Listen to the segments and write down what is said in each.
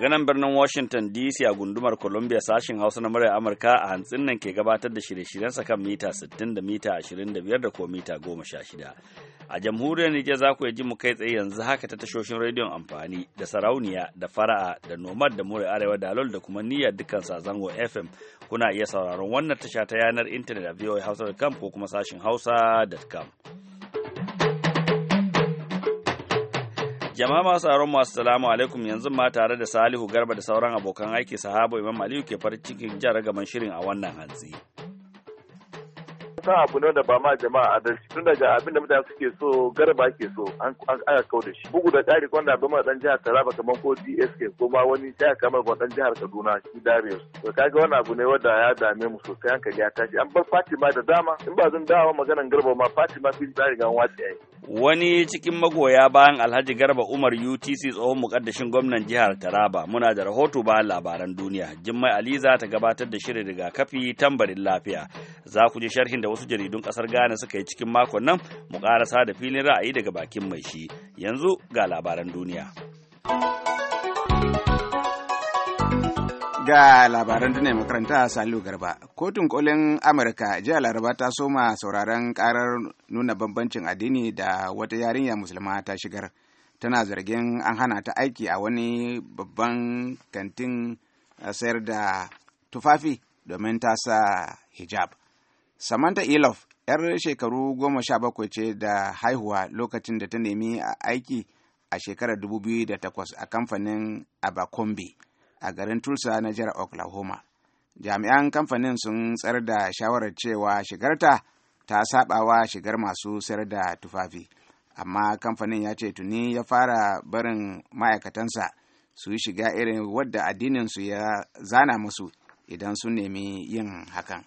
daga nan birnin washington dc a gundumar columbia sashin hausa na murya amurka a hantsin nan ke gabatar da shirye shiryen sa kan mita 60 da mita 25 da ko mita 16 a jamhuriyar nijar za ku ji mu kai tsaye yanzu haka ta tashoshin rediyon amfani da sarauniya da fara'a da nomad da murya arewa da alol da kuma niyyar dukkan zango fm kuna iya sauraron wannan tasha ta yanar intanet a voahausa.com ko kuma sashin hausa.com Jama'a masu tsaron masu salamu alaikum yanzu ma tare da Salihu Garba da sauran abokan aiki sahabo Imam Aliyu ke farin cikin gaban shirin a wannan hantsi. sa abu ne da ba ma jama'a adalci tun daga abin da mutane suke so garba ke so an aka kau da shi bugu da tsari kwanda abin dan jihar taraba kamar ko dsk ko ma wani jihar kamar ba dan jihar kaduna shi su to kaga wani abu ne wanda ya dame mu sosai hankali ya tashi an bar fatima da dama in ba zan dawo maganan garba ma fatima sun tsari ga wace ai wani cikin magoya bayan alhaji garba umar utc tsohon mukaddashin gwamnan jihar taraba muna da rahoto bayan labaran duniya jimmai ali za ta gabatar da shirin rigakafi tambarin lafiya za ku ji sharhin da wasu jaridun kasar ghana suka yi cikin makon nan mu karasa da filin ra'ayi daga bakin mai shi yanzu ga labaran duniya Ga labaran da makaranta makaranta Salihu Garba, kotun kolin Amurka jiya Laraba ta soma sauraron karar nuna bambancin addini da wata yarinya musulma ta shigar. Tana zargin an hana ta aiki a wani babban kantin eh, sayar da tufafi domin ta sa hijab. Samantha ilof 'yar shekaru goma sha bakwai ce da haihuwa lokacin da ta nemi aiki a shekarar 2008 a kamfanin Abercrombie. a garin Tulsa na jihar Oklahoma. Jami'an kamfanin sun tsar da shawarar cewa shigarta ta sabawa shigar masu sayar da tufafi, amma kamfanin ya ce tuni ya fara barin ma'aikatansa su yi shiga irin wadda addininsu ya zana musu idan sun nemi yin hakan.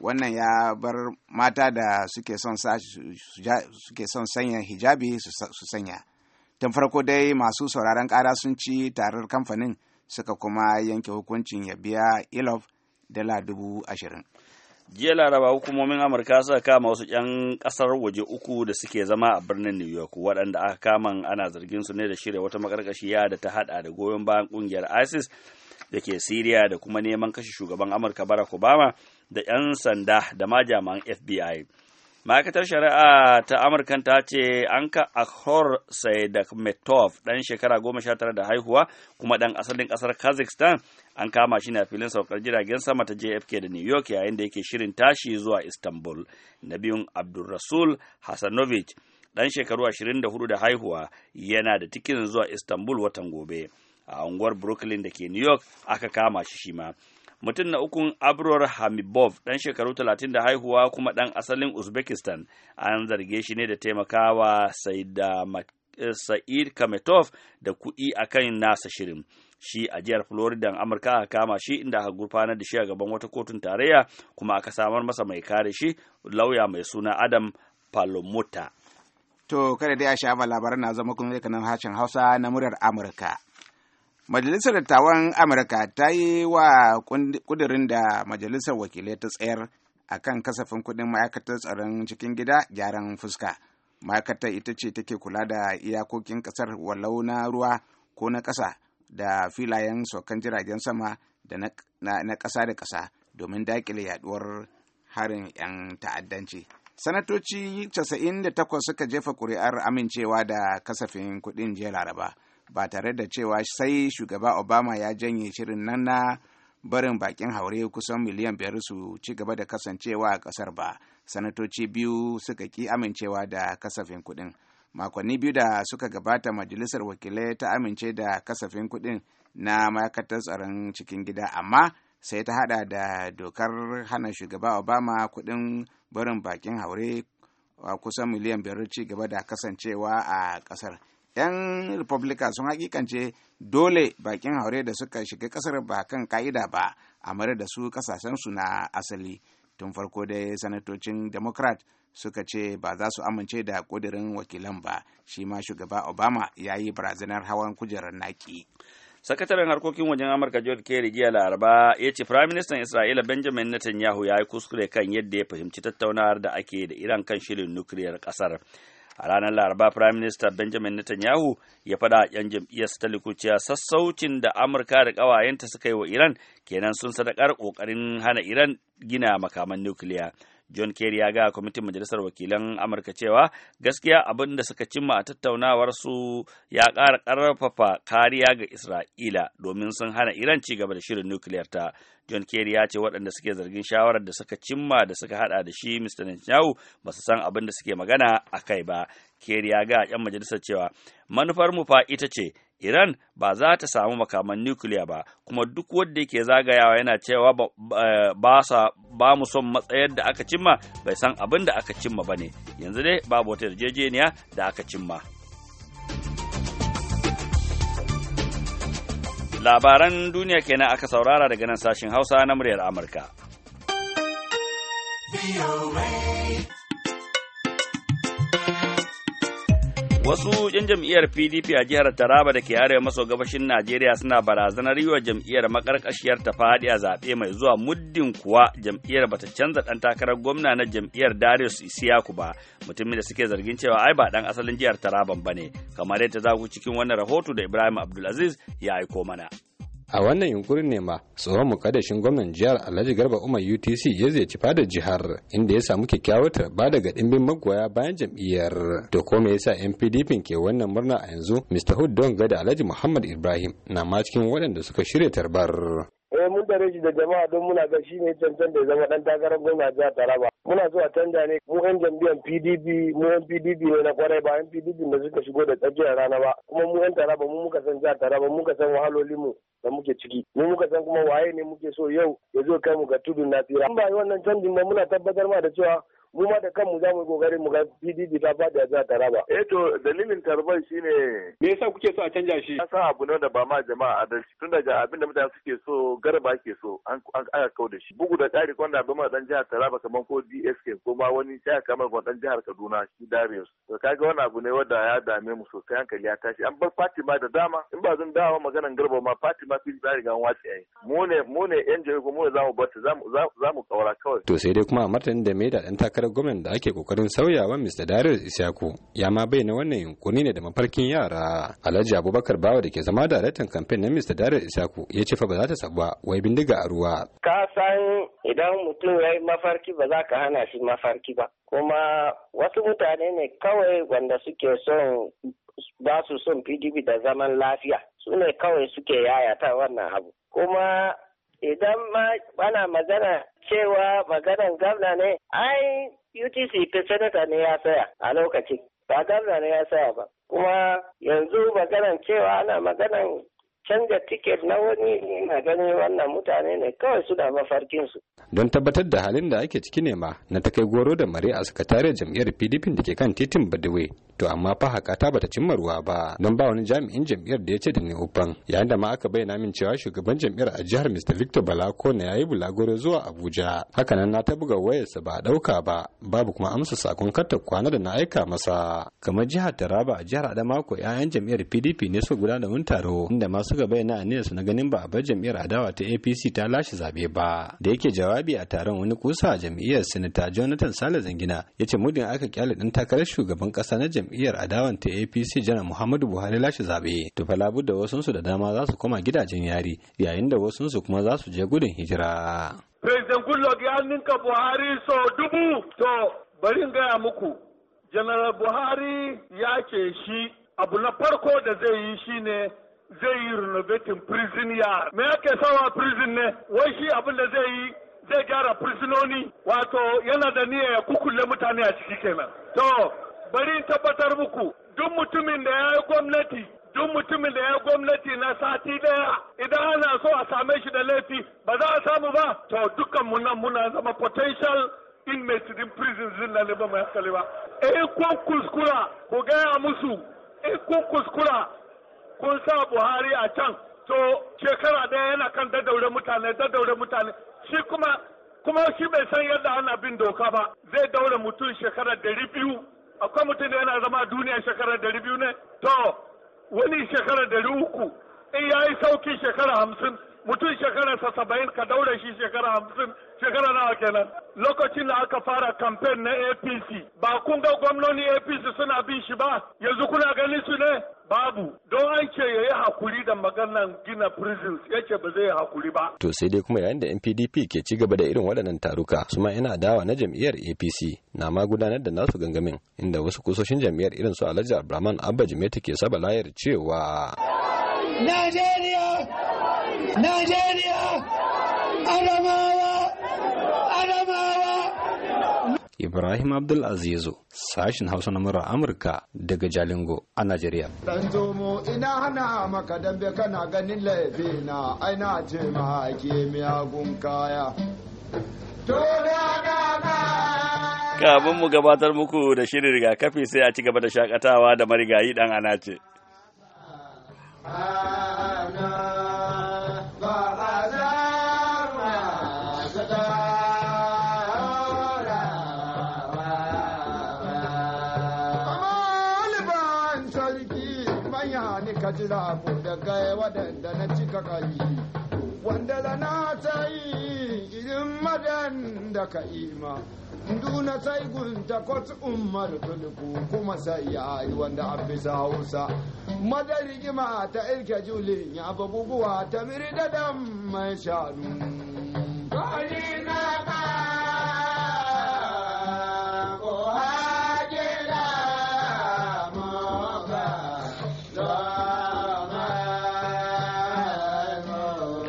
Wannan ya bar mata da suke son sanya hijabi su sanya. Tun farko dai masu sauraron kara sun ci tarar kamfanin. suka kuma yanke hukuncin ya biya ilof dala dubu ashirin. jiya laraba hukumomin amurka suka kama wasu 'yan kasar waje uku da suke zama a birnin new york waɗanda aka kama ana zargin su ne da shirya wata makarkashiya da ta hada da goyon bayan kungiyar isis da ke siriya da kuma neman kashe shugaban amurka barack obama da 'yan sanda da ma jami'an fbi ma'aikatar shari'a ta amurka ta ce an ka akhor metov ɗan shekara goma sha tara da haihuwa kuma ɗan asalin ƙasar kazakhstan an kama shi na filin saukar jiragen sama ta jfk da new york yayin da yake shirin tashi zuwa istanbul na biyun abdulrasul Hassanovich, ɗan shekaru ashirin da hudu da haihuwa yana da tikin zuwa istanbul watan gobe a unguwar brooklyn da ke new york aka kama shi shima mutum na ukun abror hamibov ɗan shekaru talatin da haihuwa kuma ɗan asalin uzbekistan an zarge shi ne da taimakawa eh, sa'id kametov da kuɗi a kan nasa shirin shi a jihar Florida Amurka aka kama shi inda aka gurfanar da shi a gaban wata kotun tarayya kuma aka samar masa mai kare shi lauya mai suna Adam Palomota. To kada dai a sha labaran na zama kuma kanan harshen Hausa na muryar Amurka. Majalisar Dattawan Amurka ta yi wa kudirin da Majalisar Wakilai ta tsayar a kan kasafin kudin ma'aikatar tsaron cikin gida gyaran fuska. Ma'aikatar ita ce take kula da iyakokin kasar walau na ruwa ko na ƙasa da filayen sokan jiragen sama da na ƙasa da ƙasa domin dakile yaduwar harin 'yan ta'addanci. Sanatoci 98 suka jefa kuri'ar amincewa da kasafin kuɗin jiya Laraba. ba tare da cewa sai shugaba obama ya janye shirin nan na barin bakin haure kusan miliyan biyar su ci gaba da kasancewa a kasar ba sanatoci biyu suka ki amincewa da kasafin kuɗin makonni biyu da suka gabata majalisar wakilai ta amince da kasafin kuɗin na ma'aikatar tsaron cikin gida amma sai ta hada da dokar hana shugaba obama kuɗin barin bakin haure kusan miliyan biyar ci gaba da kasancewa a kasar 'yan republika sun hakikance dole bakin haure da suka shiga kasar ba kan ka'ida ba a mara da su kasashen su na asali tun farko dai sanatocin democrat suka ce ba za su amince da kudirin wakilan ba shi ma shugaba obama ya yi barazanar hawan kujerar naki sakataren harkokin wajen amurka george kerry jiya laraba ya ce firaministan isra'ila benjamin netanyahu ya yi kuskure kan yadda ya fahimci tattaunawar da ake da iran kan shirin nukiliyar kasar a ranar laraba prime minister benjamin netanyahu ya faɗa yan jam'iyyar ta likuciya sassaucin da amurka da ƙawayenta suka yi wa iran kenan sun sadakar ƙoƙarin hana iran gina makaman nukiliya John Kerry ya ga kwamitin Majalisar Wakilan Amurka cewa gaskiya abin da suka cimma a tattaunawar su ya ƙara ƙarfafa kariya ga Isra'ila domin sun hana Iran ci gaba da shirin nukiliyar ta. John Kerry ya ce waɗanda suke zargin shawarar da suka cimma da suka hada da shi Mr. Netanyahu ba su san abin da suke magana a kai ba. Kerry ya ga 'yan majalisar cewa manufar mu fa ita ce Iran ba za ta samu makaman nukiliya ba kuma duk wanda yake zagayawa yana cewa ba sa ba mu son matsayar da aka cimma bai san abin da aka cimma ba ne yanzu dai babu wata yarjejeniya da aka cimma. Labaran duniya kenan aka saurara daga nan sashin Hausa na muryar Amurka. Wasu 'yan jam'iyyar PDP a jihar Taraba da ke arewa maso gabashin Najeriya suna barazanar yi wa jam'iyyar makarkashiyar ta faɗi a zaɓe mai zuwa muddin kuwa jam'iyyar bata canza ɗan takarar gwamna na jam'iyyar Darius Isiyaku ba, mutumin da suke zargin cewa ai ba ɗan asalin jihar Taraban ba ne, kamar yadda za ku cikin wannan rahoto da Ibrahim Abdulaziz ya aiko mana. a wannan yunkurin ne ma tsohon mukaddashin gwamnan jihar alhaji garba umar utc ya ziyarci fadar jihar inda ya samu kyakkyawar tarba daga dimbin magoya bayan jam'iyyar to ko me yasa yan ke wannan murna a yanzu mr hood don da alhaji muhammad ibrahim na ma cikin waɗanda suka shirya tarbar eh, tsare shi da jama'a don muna ga shi ne cancan da ya zama dan takarar gwamna jihar Taraba. Muna zuwa canja ne mu yan jam'iyyar PDP mu yan PDP ne na kwarai ba yan PDP da suka shigo da tsakiyar rana ba kuma mu yan Taraba mu muka san jihar Taraba Mu muka san wahalolinmu da muke ciki mu muka san kuma waye ne muke so yau ya zo kai mu ga tudun na tsira. In ba wannan canjin ba muna tabbatar ma da cewa mu ma da kanmu za mu yi kokari mu ga PDP ta faɗi a jihar Taraba. Eh to dalilin tarban shine me yasa kuke so a canja shi? Ya sa abu ne da ba ma jama'a adalci tun daga abin da mutane suke so garba ake so an aka kau da shi bugu da ƙari da bama dan jihar Taraba kamar ko DSK ko ma wani sai kamar ko dan jihar Kaduna shi Darius to kaga wani abu ne wanda ya dame mu sosai hankali ya tashi an bar Fatima da dama in ba zan dawo maganan Garba ma Fatima sun tsari riga wace ai mu ne mu ne yan ko mu ne zamu bata zamu kaura kawai to sai dai kuma a martanin da mai da dan takarar gwamnan da ake kokarin sauyawa Mr. Darius Isyaku ya ma bayyana wannan yunkuri ne da mafarkin yara Alhaji Abubakar Bawa da ke zama da daraktan kamfen na Mr. Darius Isyaku ya ce fa ba za ta sabuwa wai bindiga a ruwa. Ka san idan mutum ya yi mafarki ba za ka hana shi mafarki ba. Kuma wasu mutane ne kawai wanda suke son ba su son PDP da zaman lafiya. Su ne kawai suke yayata wannan abu. Kuma idan ma ana magana cewa maganan gamna ne, ai UTC ta senator ne ya saya a lokaci, Ba gamna ne ya saya ba. Kuma yanzu maganan cewa ana maganan canza tiket na wani ina gani wannan mutane ne kawai suna mafarkin su. Don tabbatar da halin da ake ciki ne ma na ta kai goro da mare a sakatariyar jam'iyyar PDP da ke kan titin Badawe. To amma fa haka ta bata cimma ruwa ba don ba wani jami'in jam'iyyar da ya ce da ni uban yayin da ma aka bayyana min cewa shugaban jam'iyyar a jihar Mr. Victor Balako na yayi bulagoro zuwa Abuja. Hakanan na ta buga wayarsa ba a ɗauka ba babu kuma amsa sakon karta kwana da na aika masa. Kamar jihar Taraba a jihar Adamawa ko 'ya'yan jam'iyyar PDP ne su gudanar da wani taro inda masu suka bayyana su na ganin ba a bar jam'iyyar adawa ta apc ta lashe zabe ba da yake jawabi a taron wani kusa a jam'iyyar sinita jonathan sale zangina ya ce mudin aka kyale ɗan takarar shugaban ƙasa na jam'iyyar adawan ta apc janar muhammadu buhari lashe zabe to fa da su da dama za su koma gidajen yari yayin da wasu su kuma za su je gudun hijira. President Goodluck ya ninka Buhari so dubu to bari gaya muku General Buhari ya ce shi abu na farko da zai yi shine zai yi renovatin prison ya. Me ake sawa prison ne? Wai shi abin da zai yi zai gyara prisononi wato yana da niyya ya kukulle mutane a ciki kenan. To, bari tabbatar muku duk mutumin da ya yi gwamnati duk mutumin da ya gwamnati na sati daya idan ana so a same shi da laifi ba za a samu ba to dukkan mu muna zama potential inmates din prison din na ba mai hankali ba e eh, kun kuskura ku gaya musu e kun kuskura kun sa buhari a can to shekara ɗaya yana kan daddaure mutane daddaure mutane shi kuma kuma shi bai san yadda ana bin doka ba zai daure mutum shekara dari biyu akwai mutum da yana zama duniya shekara dari biyu ne to wani shekara dari uku in ya yi sauki shekara hamsin mutum shekara sa saba'in ka daure shi shekara hamsin shekara nawa kenan lokacin da aka fara kamfen na apc ba kun ga gwamnoni apc suna bin shi ba yanzu kuna gani su ne babu don an ce ya yi hakuri da maganan gina prisons ya ce ba zai yi hakuri ba. To sai dai kuma yayin da NPDP ke ci gaba da irin waɗannan taruka su ma yana dawa na jam'iyyar APC na ma gudanar da nasu gangamin inda wasu kusoshin jam'iyyar irin su Alhaji Abraman Abba Jimeta ke saba layar cewa. Najeriya! Najeriya! Ibrahim Abdul Azizu, sashin Hausa na murar Amurka daga Jalingo a Najeriya. Dan zomo ina hana maka dambe kana ganin laifi na aina ce ma ake miyagun kaya. Kafin mu gabatar muku da shirin rigakafi sai a ci gaba da shakatawa da marigayi dan ana ce. kira abu da kai waɗanda na cika kali wanda da na ta yi irin madan da ka ima duna sai gunta kotu umar tulku kuma sai ya yi wanda an fi sa hausa madarigima ta irke julin ya babubuwa ta da dam mai shanu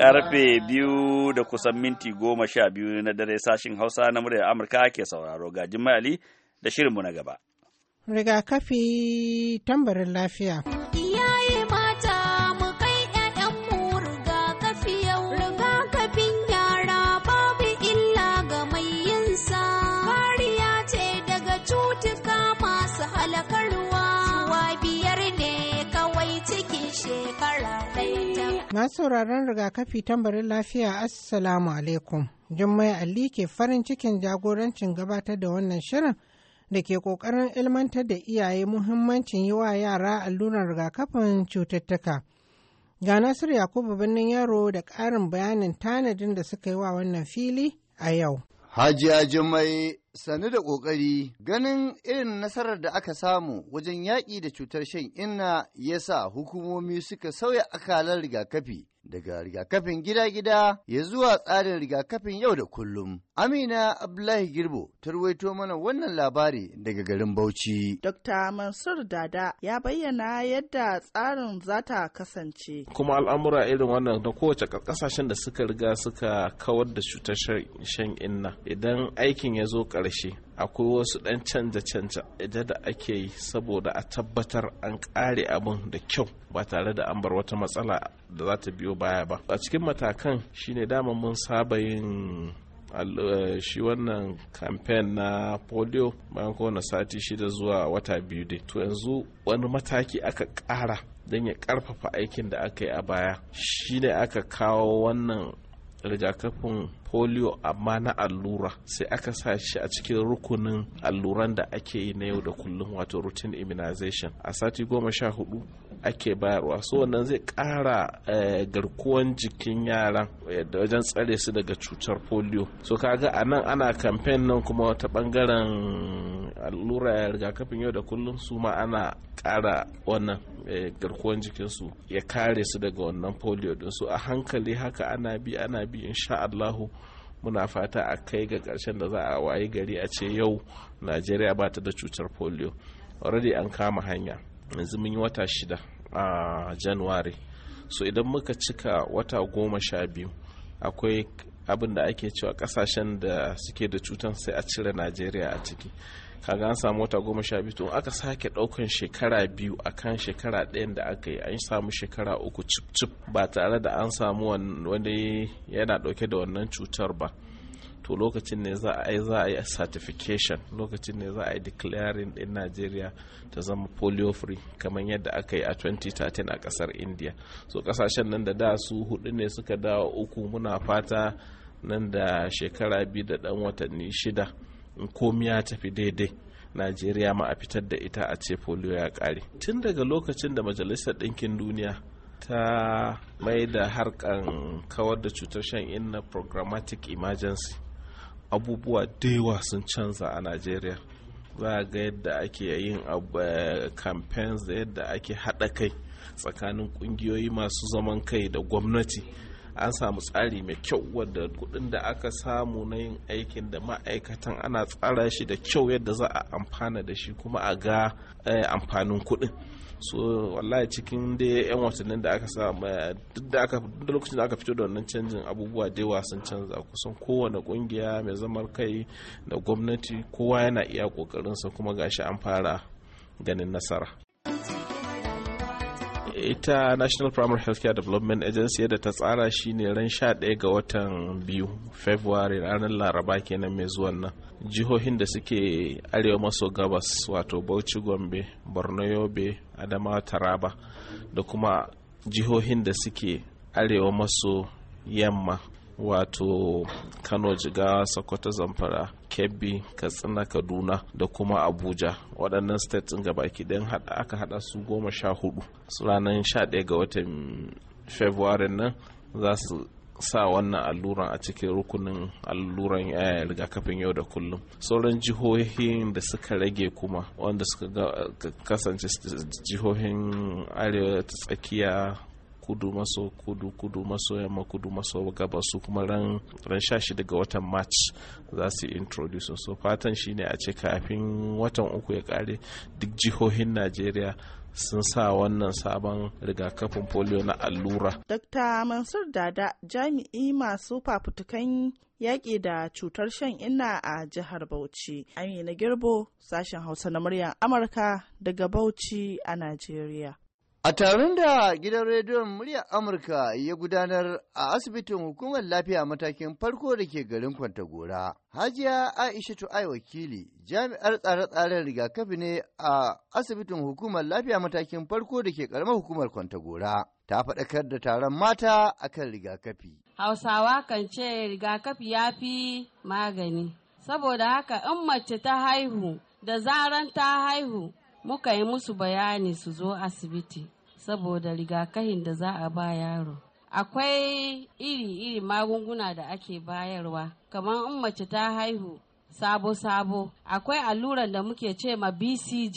Karfe biyu da kusan minti goma sha biyu na dare sashin Hausa na muryar Amurka ke sauraro ga Ali da shirinmu na gaba. Rigakafi tambarin lafiya. Masu sauraron rigakafi tambarin lafiya Assalamu alaikum. Jummai Ali ke farin cikin jagorancin gabatar da wannan shirin da ke ƙoƙarin ilmantar da iyaye muhimmancin yi wa yara allurar rigakafin cututtuka. Ga Nasiru Yakubu birnin yaro da ƙarin bayanin tanadin da suka yi wa wannan fili a yau. Hajiya Jummai sanu da ƙoƙari ganin irin nasarar da aka samu wajen yaƙi da cutar shan inna ya sa hukumomi suka sauya akalar rigakafi daga rigakafin gida-gida ya zuwa tsarin rigakafin yau da kullum. Amina Abdullahi Girbo ta ruwaito mana wannan labari daga garin Bauchi. Dr. Mansur Dada ya bayyana yadda tsarin za ta kasance. Kuma al'amura irin wannan da kowace kasashen da suka riga suka kawar da cutar shan inna idan aikin ya zo ƙarshe akwai wasu ɗan canja-canja idan da ake yi saboda a tabbatar an ƙare abin da kyau ba tare da an bar wata matsala da za ta biyo baya ba a cikin matakan shine dama mun saba yin Eh, shi wannan kamfen na polio bayan kowane sati shida zuwa wata biyu dai to yanzu wani mataki aka ƙara don ya ƙarfafa aikin da aka yi a baya shi ne aka kawo wannan rigakafin polio amma na allura sai aka sa shi a cikin rukunin alluran da ake yi na yau da kullum wato routine immunization a sati goma sha hudu ake bayarwa so wannan zai ƙara eh, garkuwan jikin yaran wajen tsare su daga cutar polio so kaga a nan ana kamfen nan kuma ta bangaren allura rigakafin yau da kullum su ma ana ƙara wannan eh, garkuwan jikinsu ya kare su daga wannan polio din su a hankali haka ana bi ana bi insha Allahu muna fata a kai ga ƙarshen da za a wayi gari a ce yau najeriya ba ta da cutar polio already an kama hanya yanzu mun yi wata shida a januwari so idan muka cika wata goma sha biyu akwai abin da ake cewa kasashen da suke da cutar sai a cire najeriya a ciki kaga an samu wata goma sha biyu to aka sake daukan shekara biyu akan shekara ɗaya da aka yi an samu shekara uku cip cip ba tare da an samu wani yana dauke da wannan cutar ba to lokacin ne za a yi za a yi certification lokacin ne za a yi declaring din Najeriya ta zama polio free kamar yadda aka yi a 2013 a kasar India so kasashen nan da da su hudu ne suka dawo uku muna fata nan da shekara biyu da dan watanni shida in komi ya tafi daidai najeriya ma a fitar da ita a ce polio ya kare tun daga lokacin da majalisar ɗinkin duniya ta mai da harkan kawar da cutar shan inna programmatic emergency abubuwa da yawa sun canza a najeriya za a ga yadda ake yin eh, campaigns da yadda ake haɗa kai tsakanin ƙungiyoyi masu zaman kai da gwamnati an samu tsari mai kyau wadda kudin da aka samu na yin aikin da ma'aikatan ana tsara shi da kyau yadda za a amfana da shi kuma a ga eh, amfanin kudin so wallahi cikin da yan watannin da aka sa duk da aka duk da lokacin da aka fito da wannan canjin abubuwa da yawa sun canza kusan kowane kungiya mai zamar kai da gwamnati kowa yana iya kokarin sa kuma gashi an fara ganin nasara ita national primary healthcare development agency yadda ta tsara shine ran 11 ga watan biyu february ranar laraba kenan mai zuwan nan jihohin da suke arewa maso gabas wato bauchi gombe borno yobe adamawa taraba da kuma jihohin da suke arewa maso yamma wato kano jigawa sokoto zamfara kebbi katsina kaduna da kuma abuja waɗannan states ga baki ɗin aka haɗa su goma sha hudu ranar sha ɗaya ga watan february nan za su sa wannan alluran a cikin rukunin alluran yaya eh, rigakafin yau da kullum sauran jihohin da suka rage kuma wanda suka kasance jihohin arewa ta tsakiya kudu maso kudu kudu maso yamma kudu maso gaba su kuma ran ran shashi ga watan march za su introduce so fatan shine a ce kafin watan uku ya kare duk jihohin najeriya sun sa wannan sabon rigakafin polio na allura. Dr. Mansur Dada jami'i masu fafutukan yaƙi da cutar shan inna a jihar Bauchi. Amina Girbo, sashen Hausa na muryar Amurka daga Bauchi a Najeriya. A taron da gidan rediyon muryar Amurka ya gudanar a asibitin hukumar lafiya matakin farko da ke garin Kwantagora, Hajiya Aisha Tu'ai wakili jami'ar tsare-tsaren rigakafi ne a asibitin hukumar lafiya matakin farko da ke karamar hukumar Kwantagora. Ta faɗakar da taron mata akan rigakafi. Hausawa kan ce rigakafi ya fi magani, saboda haka in mace ta haihu da zaran ta haihu muka yi musu bayani su zo asibiti saboda rigakafin da za a ba yaro akwai iri-iri magunguna da ake bayarwa kamar in mace ta haihu sabo-sabo akwai alluran da muke ce ma bcg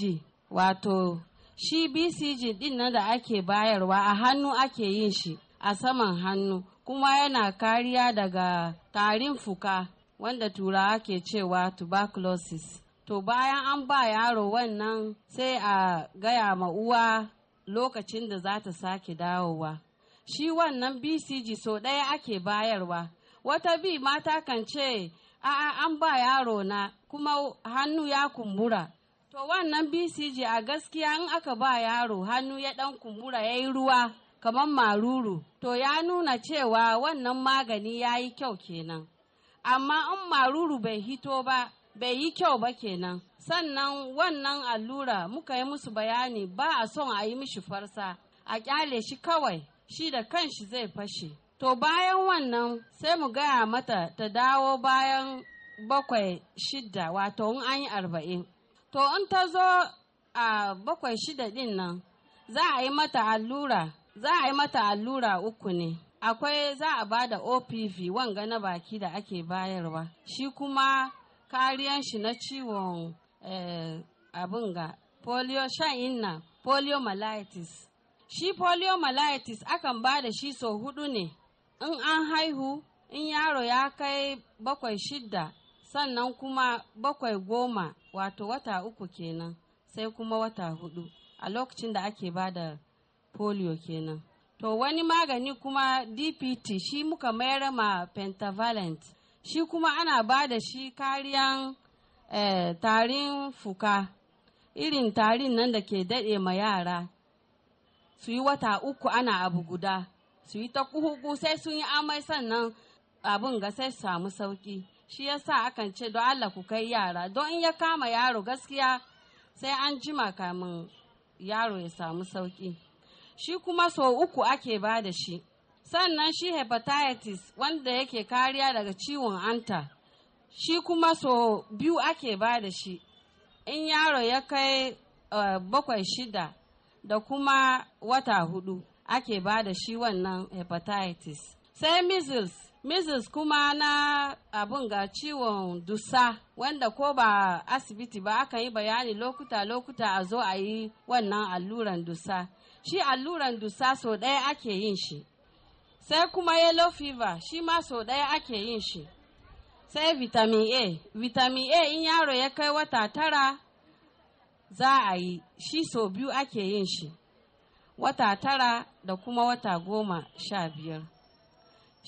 wato shi bcg din da ake bayarwa a hannu ake yin shi a saman hannu kuma yana kariya daga tarin fuka wanda turawa ke cewa tuberculosis to bayan an ba yaro wannan sai a gaya ma uwa lokacin da za ta sake dawowa shi wannan bcg so ɗaya ake bayarwa wata bi mata kan ce a'a an ba yaro na kuma hannu ya kumbura to wannan bcg a gaskiya in aka ba yaro hannu ya ɗan kumbura ya yi ruwa kamar maruru to ya nuna cewa wannan magani ya yi kyau kenan amma in maruru bai hito ba bai yi kyau ba kenan sannan wannan allura muka yi musu bayani ba a son a yi mishi farsa a kyale shi kawai shi da kanshi zai fashe to bayan wannan sai mu gaya mata ta dawo bayan bakwai shida wato in an yi arba'in to in ta zo a bakwai shida din nan za a yi mata allura za a yi mata allura uku ne akwai za a ba da opv wanga na baki da ake bayarwa shi kuma kariyan shi na ciwon eh, abin ga polio shan inna poliomyelitis shi poliomyelitis akan ba da shi sau hudu ne in an haihu in yaro ya kai bakwai shidda sannan kuma bakwai goma wato wata uku kenan sai kuma wata hudu a lokacin da ake ba da polio kenan to wani magani kuma dpt shi muka mayar ma pentavalent shi kuma ana ba da shi kariyan eh, tarin fuka irin tarin nan da ke daɗe ma yara su yi wata uku ana abu guda su yi ta kuhuku sai sun yi amai sannan abin ga sai su samu sauki shi ya sa akan ce don Allah ku kai yara don in ya kama yaro gaskiya sai an jima kamin yaro ya samu sauki shi kuma sau uku ake ba da shi sannan shi hepatitis wanda yake kariya daga ciwon hanta shi kuma so biyu ake ba da shi in yaro ya kai eh, bakwai shida da kuma wata hudu ake ba da shi wannan hepatitis sai measles measles kuma na abun ga ciwon dusa wanda ko ba asibiti ba aka yi bayani lokuta-lokuta a zo a yi wannan alluran dusa shi alluran dusa so ɗaya ake yin shi sai kuma yellow fever shi ma sau ɗaya ake yin shi sai vitamin a vitamin a in yaro ya kai wata tara za a yi shi sau biyu ake yin shi wata tara da kuma wata goma sha biyar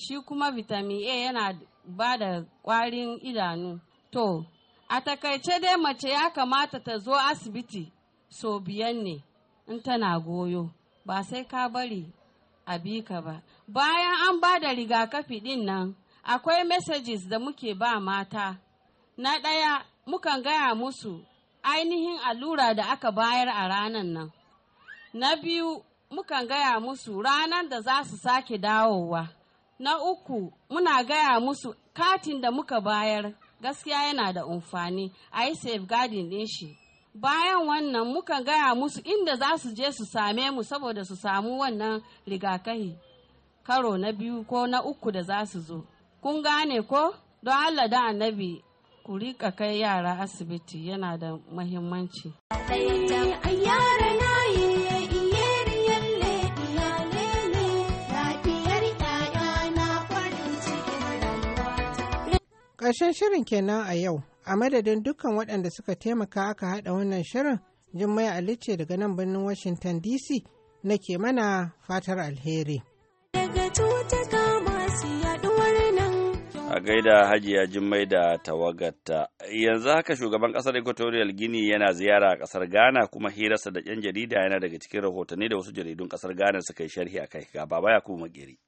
shi kuma vitamin a yana ba da ƙwarin idanu to a takaice dai mace ya kamata ta zo asibiti sau biyan ne in tana goyo ba sai ka bari a bi ka ba bayan an ba da rigakafi din nan akwai messages da muke ba mata na ɗaya mukan gaya musu ainihin allura da aka bayar a ranan nan na biyu mukan gaya musu ranar da za su sake dawowa na uku muna gaya musu katin da muka bayar gaskiya yana da umfani a yi safeguarding ɗin shi bayan wannan muka gaya musu inda za su je su same mu saboda su samu wannan rigakahi karo na biyu ko na uku da za su zo kun gane ko don allah da annabi ku rika kai yara asibiti yana da mahimmanci Ƙarshen shirin kenan a yau a madadin dukkan waɗanda suka taimaka aka haɗa wannan shirin jimmai alice daga nan birnin washington dc nake mana fatar alheri a gaida hajiya jimmai da tawagata yanzu haka shugaban ƙasar equatorial guinea yana ziyara a ƙasar ghana kuma hirarsa da yan jarida yana daga cikin rahotanni da wasu jaridun ƙasar ghana suka yi sharhi a kai ga baba yakubu makeri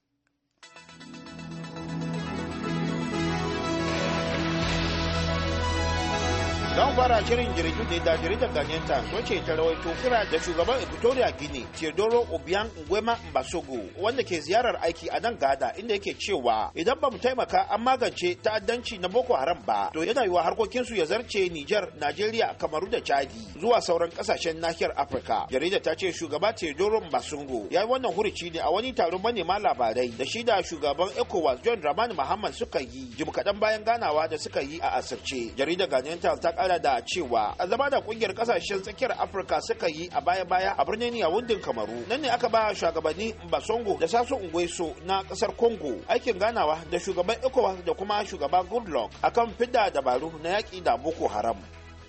zan fara shirin jirgin ne da jaridar ganyenta ta ce ta rawaito kira da shugaban equatorial guinea teodoro obiang nguema Mbasogo, wanda ke ziyarar aiki a nan gada inda yake cewa idan ba mu taimaka an magance ta'addanci na boko haram ba to yana yiwa harkokinsu ya zarce niger nigeria kamaru da chadi zuwa sauran kasashen nahiyar afirka jaridar ta ce shugaba teodoro Mbasogo ya yi wannan hurici ne a wani taron manema labarai da shi da shugaban ecowas john dramani Muhammad suka yi jim kaɗan bayan ganawa da suka yi a asirce jaridar ganyenta ta kara da cewa a zama da kungiyar kasashen tsakiyar afirka suka yi a baya-baya a birnin yawundin kamaru nan ne aka ba shugabanni basongo da sasu ungweso na kasar congo aikin ganawa da shugaban ecowas da kuma shugaban goodluck akan fidda dabaru na yaƙi da boko haram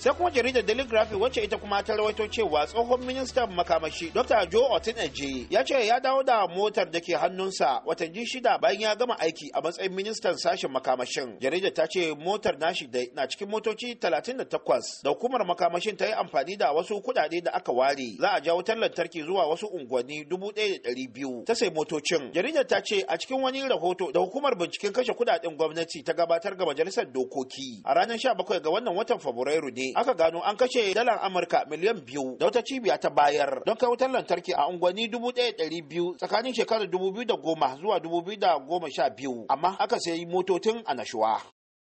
sai kuma jaridar daily graphic wacce ita kuma ta rawaito cewa tsohon ministan makamashi dr joe otin eje ya ce ya dawo da motar da ke hannunsa watanni shida bayan ya gama aiki a matsayin ministan sashen makamashin jaridar ta ce motar nashi dai na cikin motoci 38 da hukumar makamashin ta yi amfani da wasu kuɗaɗe da aka ware za a ja wutar lantarki zuwa wasu unguwanni dubu ɗaya da ɗari biyu. ta sai motocin jaridar ta ce a cikin wani rahoto da hukumar binciken kashe kuɗaɗen gwamnati ta gabatar ga majalisar dokoki a ranar 17 ga wannan watan fabrairu ne aka gano an kashe dalar amurka miliyan biyu da wata cibiya ta bayar don kai wutar lantarki a unguwanni dubu ɗaya ɗari biyu tsakanin shekarar dubu biyu da goma zuwa dubu biyu da goma sha biyu amma aka sayi motocin anashuwa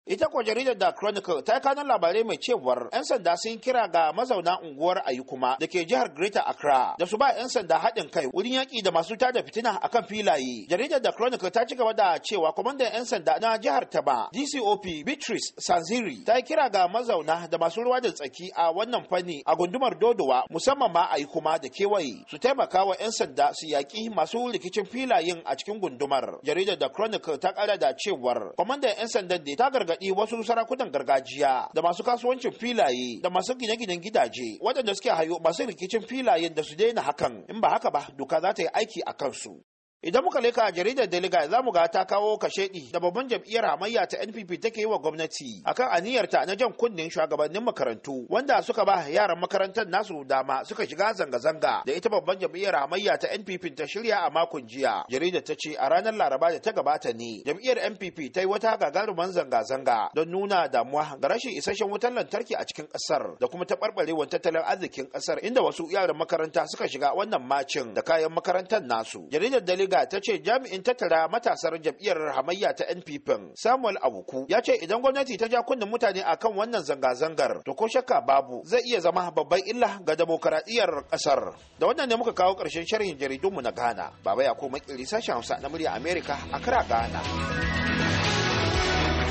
Ita kuwa jaridar da Chronicle ta yi kanan labarai mai cewar 'yan sanda sun kira ga mazauna unguwar kuma da ke jihar Greater Accra da su ba 'yan sanda haɗin kai wurin yaƙi da masu tada fitina akan filaye. Jaridar da Chronicle ta ci gaba da cewa kwamandan 'yan sanda na jihar Taba DCOP Beatrice Sanziri ta yi kira ga mazauna da masu ruwa da tsaki a wannan fanni a gundumar Dodowa musamman ma kuma da kewaye su taimaka wa 'yan sanda su yaƙi masu rikicin filayen a cikin gundumar. Jaridar da Chronicle ta ƙara da cewar kwamandan 'yan sandan da ta gargaɗi gargadi wasu sarakunan gargajiya da masu kasuwancin filaye da masu gine-ginen gidaje waɗanda suke hayo masu rikicin filayen da su daina hakan in ba haka ba doka za ta yi aiki a kansu idan muka leka a jaridar daliga za mu ga ta kawo kashedi da babban jam'iyyar hamayya ta npp take yi wa gwamnati akan aniyarta na jan kunnen shugabannin makarantu wanda suka ba yaran makarantar nasu dama suka shiga zanga-zanga da ita babban jam'iyyar hamayya ta npp ta shirya a makon jiya jaridar ta ce a ranar laraba da ta gabata ne jam'iyyar npp ta yi wata gagaruman zanga-zanga don nuna damuwa ga rashin isasshen wutar lantarki a cikin kasar da kuma taɓarɓarewar tattalin arzikin kasar inda wasu yaran makaranta suka shiga wannan macin da kayan makarantar nasu jaridar zanga ta ce jami'in tattara matasar jam'iyyar hamayya ta NPP Samuel Abuku ya ce idan gwamnati ta ja kunnen mutane akan wannan zanga-zangar to ko shakka babu zai iya zama babban illa ga demokaradiyyar kasar. Da wannan ne muka kawo ƙarshen sharhin jaridunmu na Ghana. Baba ya koma Kiri sashen Hausa na murya Amerika a kira Ghana.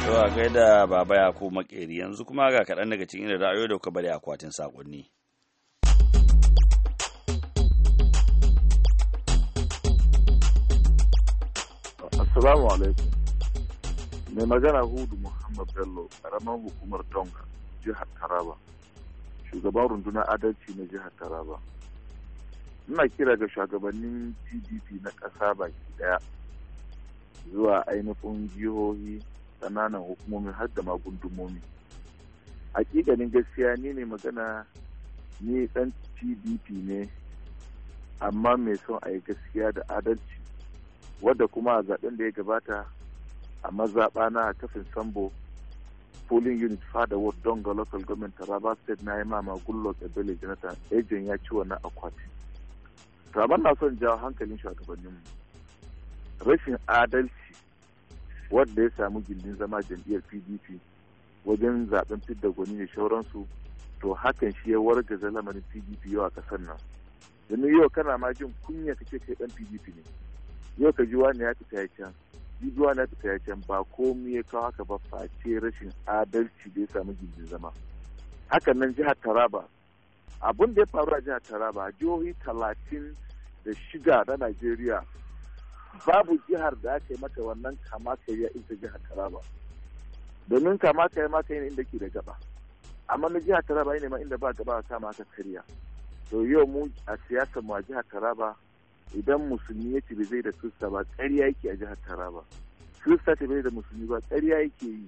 To a gaida Baba ya koma yanzu kuma ga kaɗan daga cikin da ra'ayoyi da kuka bari akwatin saƙonni. Assalamu alaikum. Mai magana Hudu Muhammad Bello, ƙaramin hukumar Tonga, jihar Taraba. Shugaban rundunar adalci na jihar Taraba. Ina kira ga shugabannin PDP na ƙasa baki ɗaya zuwa ainihin jihohi ƙananan hukumomi har da magundumomi. Hakikanin gaskiya ni ne magana ni ɗan PDP ne amma mai son a yi gaskiya da adalci wadda kuma a zaɓen da ya gabata a mazaɓa na kafin sambo polling unit fada ward don ga local government taraba state na yi mama gullo ebele jonathan ejen ya ci wannan akwati ramar na son jawo hankalin shugabanninmu rashin adalci wadda ya samu gindin zama jam'iyyar pdp wajen zaben fidda gwani da shauransu to hakan shi ya warga lamarin pdp yau a kasar nan domin yau kana ma jin kunya kake kai dan pdp ne yau ka ji wani ya fita ya can ji wani ya fita can ba komai ya kawo haka ba face rashin adalci da ya samu gindin zama hakan nan jihar taraba abin da ya faru a jihar taraba jihohi talatin da shida na najeriya babu jihar da aka yi mata wannan kama yi ita jihar taraba domin kama ka ma maka ne inda ke da gaba amma na jihar taraba ne ma inda ba gaba a kama aka karya to yau mu a siyasar mu a jihar taraba idan musulmi ya ce zai da kirista ba ƙarya yake a jihar taraba kirista ta bai da musulmi ba ƙarya yake yi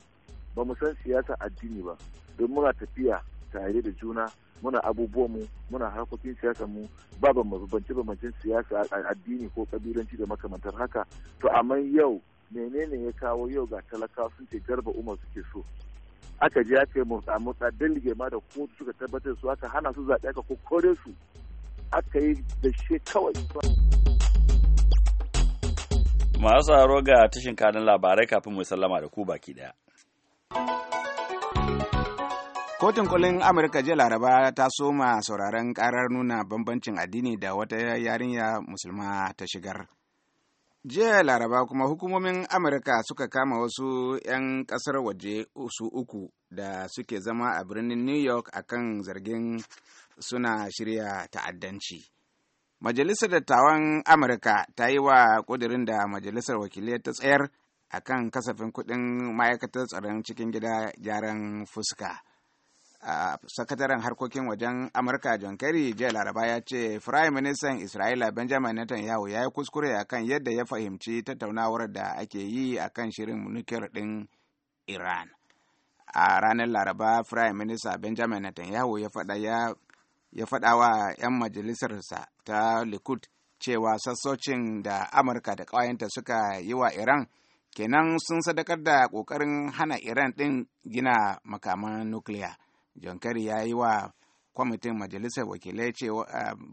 ba mu san siyasa addini ba don muna tafiya tare da juna muna abubuwan mu muna harkokin siyasa mu ba bambance bambancin siyasa addini ko kabilanci da makamantar haka to amma yau menene ya kawo yau ga talakawa sun ce garba umar suke so aka je aka yi murtsa murtsa dalige ma da kotu suka tabbatar su aka hana su zaɓe aka kokore su aka yi da shi kawai masu tsaro ga tashin kanin labarai kafin mu sallama da ku baki daya Kotun kolin Amurka jiya Laraba ta soma sauraron karar nuna bambancin addini da wata yarinya musulma ta shigar. Jiya Laraba kuma hukumomin Amurka suka kama wasu 'yan kasar waje su uku da suke zama a birnin New York akan zargin suna shirya ta'addanci. Majalisar Dattawan Amurka ta yi wa ƙudurin da Majalisar Wakilai ta tsayar a kan kasafin kuɗin ma'aikatar tsaron cikin gida gyaran fuska. sakataren harkokin wajen amurka john kerry jiya laraba ya ce firayim ministan isra'ila benjamin netanyahu ya yi kuskure akan yadda ya fahimci tattaunawar da ake yi a kan shirin nukiyar ɗin iran a ranar laraba firayim minista benjamin netanyahu ya faɗa ya ya faɗa wa 'yan majalisarsa ta likud cewa sassocin da amurka da ƙawayenta suka yi wa iran kenan sun sadakar da ƙoƙarin hana iran ɗin gina makaman nukiliya john kerry ya yi wa kwamitin majalisar wakilai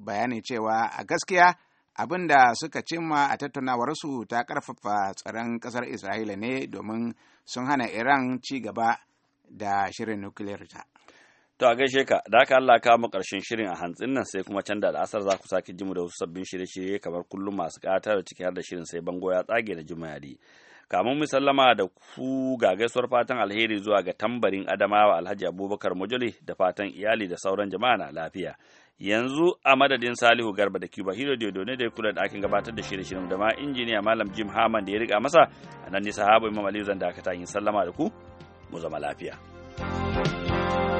bayani cewa a gaskiya abin da suka cimma a tattaunawarsu ta ƙarfafa tsaron ƙasar isra'ila ne domin sun hana iran ci gaba da shirin nukiliyarta. To a gaishe ka, da haka Allah kawo mu ƙarshen shirin a hantsin nan sai kuma can da al'asar za ku sake jimu da wasu sabbin shirye-shirye kamar kullum masu ƙatar da ciki har da shirin sai bango ya tsage da yadi. Kamun mu sallama da ku ga gaisuwar fatan alheri zuwa ga tambarin Adamawa Alhaji Abubakar Mujali da fatan iyali da sauran jama'a na lafiya. yanzu a madadin salihu garba da cuba hero da ne da ya kula da akin gabatar da shirye-shiryen da ma injiniya malam jim haman da ya riga masa a nan ne sahaba imam aliyu zan dakata yin sallama da ku mu zama lafiya thank you